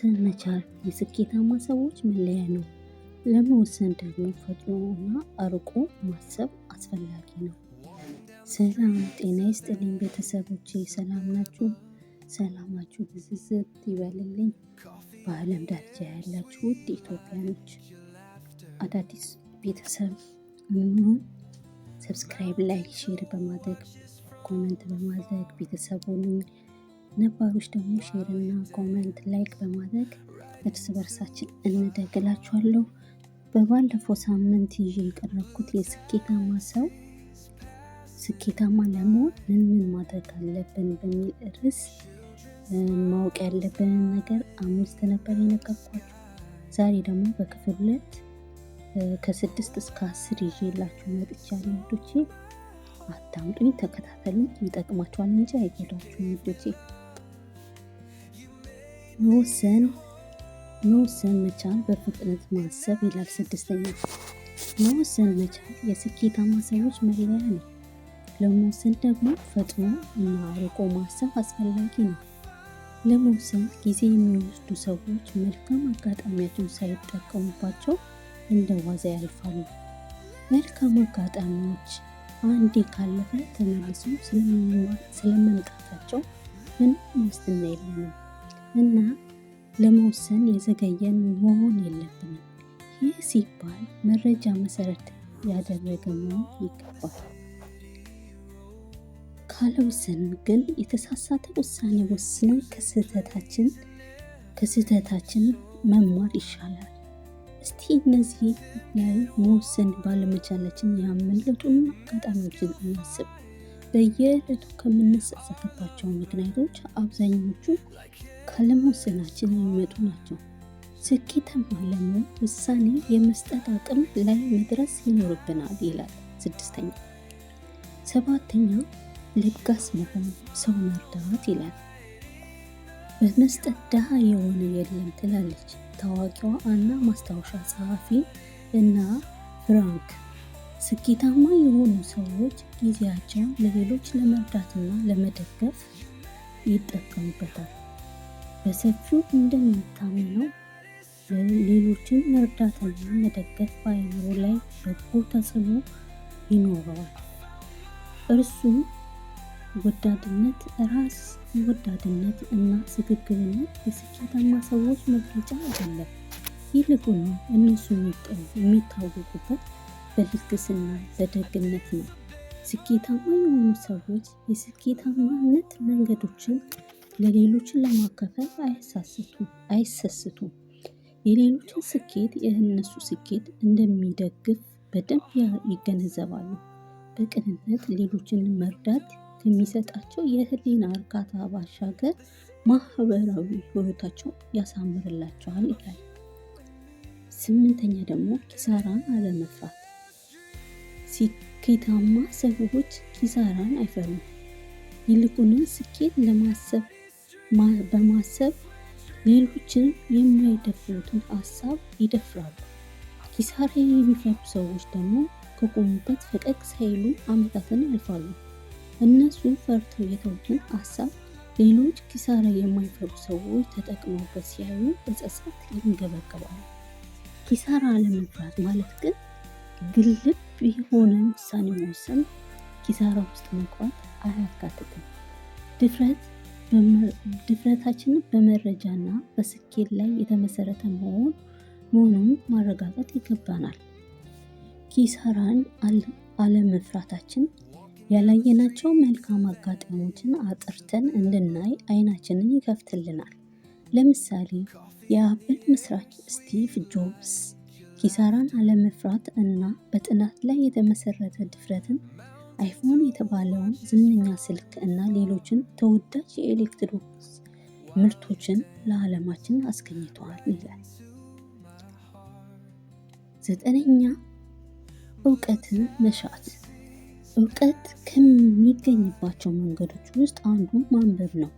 መወሰን መቻል የስኬታማ ሰዎች መለያ ነው። ለመወሰን ደግሞ ፈጥኖና አርቆ ማሰብ አስፈላጊ ነው። ሰላም ጤና ይስጥልኝ ቤተሰቦቼ፣ ሰላም ናችሁ? ሰላማችሁ ብዝዝብ ይበልልኝ። በዓለም ደረጃ ያላችሁ ውድ ኢትዮጵያኖች አዳዲስ ቤተሰብ የሚሆን ሰብስክራይብ፣ ላይክ፣ ሼር በማድረግ ኮመንት በማድረግ ቤተሰቡን ነባሮች ደግሞ ሼርና ኮመንት ላይክ በማድረግ እርስ በርሳችን እንደግላችኋለሁ። በባለፈው ሳምንት ይዤ የቀረብኩት የስኬታማ ሰው ስኬታማ ለመሆን ምን ምን ማድረግ አለብን በሚል ርዕስ ማወቅ ያለብንን ነገር አምስት ነበር የነገርኳችሁ። ዛሬ ደግሞ በክፍል ሁለት ከስድስት እስከ አስር ይዤላችሁ መጥቻለሁ ውዶቼ። አታምጡኝ፣ ተከታተሉኝ። ይጠቅማችኋል እንጂ አይጎዳችሁም ውዶቼ። መወሰን መወሰን መቻል በፍጥነት ማሰብ ይላል። ስድስተኛ መወሰን መቻል የስኬታማ ሰዎች መለያ ነው። ለመወሰን ደግሞ ፈጥኖ እና አርቆ ማሰብ አስፈላጊ ነው። ለመወሰን ጊዜ የሚወስዱ ሰዎች መልካም አጋጣሚያቸውን ሳይጠቀሙባቸው እንደ ዋዛ ያልፋሉ። መልካም አጋጣሚዎች አንዴ ካለፈ ተመልሶ ስለመምጣታቸው ምንም ዋስትና የለንም። እና ለመወሰን የዘገየን መሆን የለብንም። ይህ ሲባል መረጃ መሰረት ያደረገ መሆን ይገባል። ካለወሰንን ግን የተሳሳተ ውሳኔ ወስነን ከስህተታችን ከስህተታችን መማር ይሻላል። እስቲ እነዚህ ላይ መወሰን ባለመቻላችን ያመለጡን አጋጣሚዎችን እናስብ። በየዕለቱ ከምንጸጸትባቸው ምክንያቶች አብዛኞቹ ካለመወሰናችን የሚመጡ ናቸው። ስኬታማ ለመሆን ውሳኔ የመስጠት አቅም ላይ መድረስ ይኖርብናል ይላል። ስድስተኛ ሰባተኛ ለጋስ መሆን፣ ሰው መርዳት ይላል። በመስጠት ድሃ የሆነ የለም ትላለች ታዋቂዋ አና ማስታወሻ ጸሐፊ እና ፍራንክ ስኬታማ የሆኑ ሰዎች ጊዜያቸውን ለሌሎች ለመርዳትና ለመደገፍ ይጠቀሙበታል። በሰፊው እንደሚታመነው ሌሎችን መርዳትና መደገፍ በአእምሮ ላይ በጎ ተጽዕኖ ይኖረዋል። እርሱም ወዳድነት፣ ራስ ወዳድነት እና ስግግርነት የስኬታማ ሰዎች መገለጫ አይደለም። ይልቁንም እነሱ የሚታወቁበት በልግስና በደግነት ነው። ስኬታማ የሆኑ ሰዎች የስኬታማነት መንገዶችን ለሌሎችን ለማካፈል አይሰስቱም። የሌሎችን ስኬት የእነሱ ስኬት እንደሚደግፍ በደንብ ይገነዘባሉ። በቅንነት ሌሎችን መርዳት ከሚሰጣቸው የህሊና እርካታ ባሻገር ማህበራዊ ህይወታቸው ያሳምርላቸዋል ይላል። ስምንተኛ ደግሞ ኪሳራን አለመፍራት ስኬታማ ሰዎች ኪሳራን አይፈሩም። ይልቁንም ስኬት ለማሰብ በማሰብ ሌሎችን የማይደፍሩትን ሀሳብ ይደፍራሉ። ኪሳራ የሚፈሩ ሰዎች ደግሞ ከቆሙበት ፈቀቅ ሳይሉ ዓመታትን ያልፋሉ። እነሱ ፈርተው የተውትን ሀሳብ ሌሎች ኪሳራ የማይፈሩ ሰዎች ተጠቅመውበት ሲያዩ በጸጸት ይንገበገባሉ። ኪሳራ ለመፍራት ማለት ግን ግልብ የሆነ ውሳኔ መወሰን ኪሳራ ውስጥ መግባት አያካትትም። ድፍረት ድፍረታችንን በመረጃና በስኬት ላይ የተመሰረተ መሆን መሆኑን ማረጋገጥ ይገባናል። ኪሳራን አለመፍራታችን ያላየናቸው መልካም አጋጣሚዎችን አጥርተን እንድናይ አይናችንን ይከፍትልናል። ለምሳሌ የአፕል መስራች ስቲቭ ጆብስ ኪሳራን አለመፍራት እና በጥናት ላይ የተመሰረተ ድፍረትን አይፎን የተባለውን ዝነኛ ስልክ እና ሌሎችን ተወዳጅ የኤሌክትሮኒክስ ምርቶችን ለዓለማችን አስገኝተዋል ይላል። ዘጠነኛ እውቀትን መሻት። እውቀት ከሚገኝባቸው መንገዶች ውስጥ አንዱ ማንበብ ነው።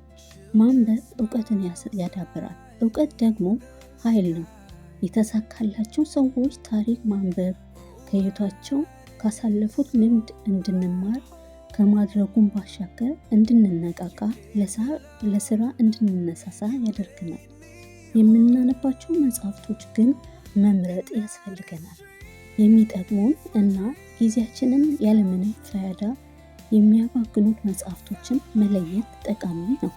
ማንበብ እውቀትን ያዳብራል። እውቀት ደግሞ ኃይል ነው። የተሳካላቸው ሰዎች ታሪክ ማንበብ ከየቷቸው ካሳለፉት ልምድ እንድንማር ከማድረጉን ባሻገር እንድንነቃቃ፣ ለስራ እንድንነሳሳ ያደርግናል የምናነባቸው መጽሐፍቶች ግን መምረጥ ያስፈልገናል። የሚጠቅሙን እና ጊዜያችንን ያለምንም ፈያዳ የሚያባግኑት መጽሐፍቶችን መለየት ጠቃሚ ነው።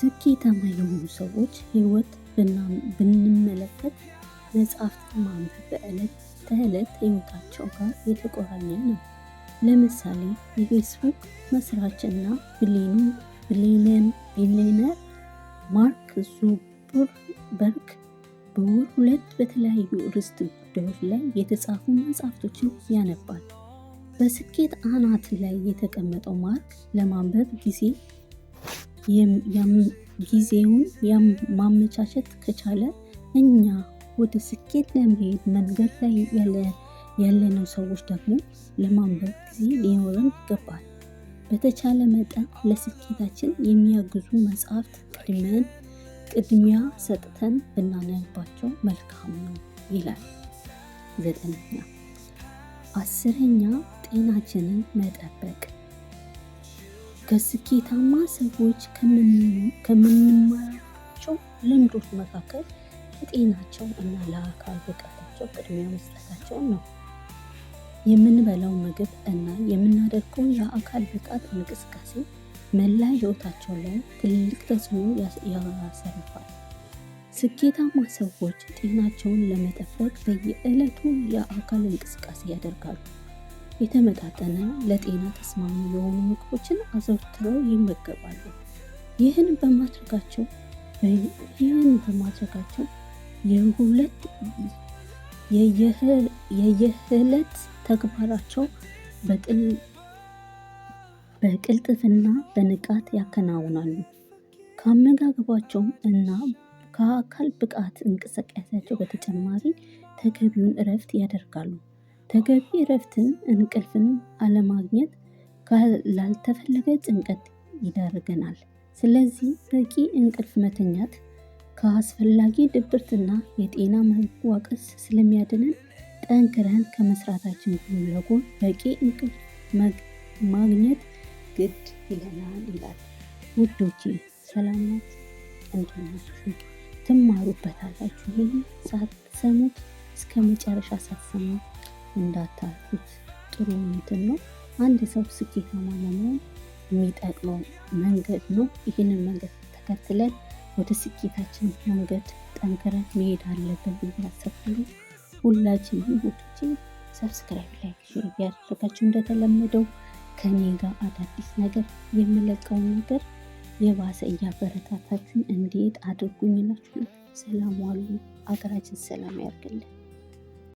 ስኬታማ የሆኑ ሰዎች ህይወት ብንመለከት መጽሐፍትን ማንበብ በዕለት ተዕለት ህይወታቸው ጋር የተቆራኘ ነው። ለምሳሌ የፌስቡክ መስራችና ቢሊየነር ማርክ ዙበርግ በወር ሁለት በተለያዩ ርዕሰ ጉዳዮች ላይ የተጻፉ መጽሐፍቶችን ያነባል። በስኬት አናት ላይ የተቀመጠው ማርክ ለማንበብ ጊዜ ጊዜውን ማመቻቸት ከቻለ እኛ ወደ ስኬት ለመሄድ መንገድ ላይ ያለነው ሰዎች ደግሞ ለማንበብ ጊዜ ሊኖረን ይገባል። በተቻለ መጠን ለስኬታችን የሚያግዙ መጽሐፍት ቅድመን ቅድሚያ ሰጥተን ብናነባቸው መልካም ነው ይላል። ዘጠነኛ አስረኛ ጤናችንን መጠበቅ ከስኬታማ ሰዎች ከምንማራቸው ልምዶች መካከል ለጤናቸው እና ለአካል ብቃታቸው ቅድሚያ መስጠታቸውን ነው። የምንበላው ምግብ እና የምናደርገው የአካል ብቃት እንቅስቃሴ መላ ህይወታቸው ላይ ትልቅ ተጽዕኖ ያሰርፋል። ስኬታማ ሰዎች ጤናቸውን ለመጠበቅ በየዕለቱ የአካል እንቅስቃሴ ያደርጋሉ። የተመጣጠነ ለጤና ተስማሚ የሆኑ ምግቦችን አዘውትረው ይመገባሉ። ይህን በማድረጋቸው ይህን በማድረጋቸው የሁለት የየህለት ተግባራቸው በቅልጥፍና በንቃት ያከናውናሉ። ከአመጋገባቸውም እና ከአካል ብቃት እንቅስቃሴያቸው በተጨማሪ ተገቢውን እረፍት ያደርጋሉ። ተገቢ እረፍትን እንቅልፍን አለማግኘት ላልተፈለገ ጭንቀት ይዳርገናል። ስለዚህ በቂ እንቅልፍ መተኛት ከአስፈላጊ ድብርትና የጤና መዋቀስ ስለሚያድንን ጠንክረን ከመስራታችን ጎን ለጎን በቂ እንቅልፍ ማግኘት ግድ ይለናል ይላል። ውዶች ሰላማት እንዲናችሁ ትማሩበታላችሁ። ይህን ሳትሰሙት እስከ መጨረሻ ሳትሰሙት እንዳታልፉት። ጥሩ እንትን ነው። አንድ ሰው ስኬታማ ለመሆን የሚጠቅመው መንገድ ነው። ይህንን መንገድ ተከትለን ወደ ስኬታችን መንገድ ጠንክረን መሄድ አለብን ብዬ አስባለሁ። ሁላችንም ሰብስክራይብ፣ ላይክ፣ ሼር እያደረጋችሁ እንደተለመደው ከኔ ጋር አዳዲስ ነገር የምለቀው ነገር የባሰ እያበረታታችሁን እንዴት አድርጉኝ እላችኋለሁ። ሰላም ዋሉ። አገራችን ሰላም ያርግልን።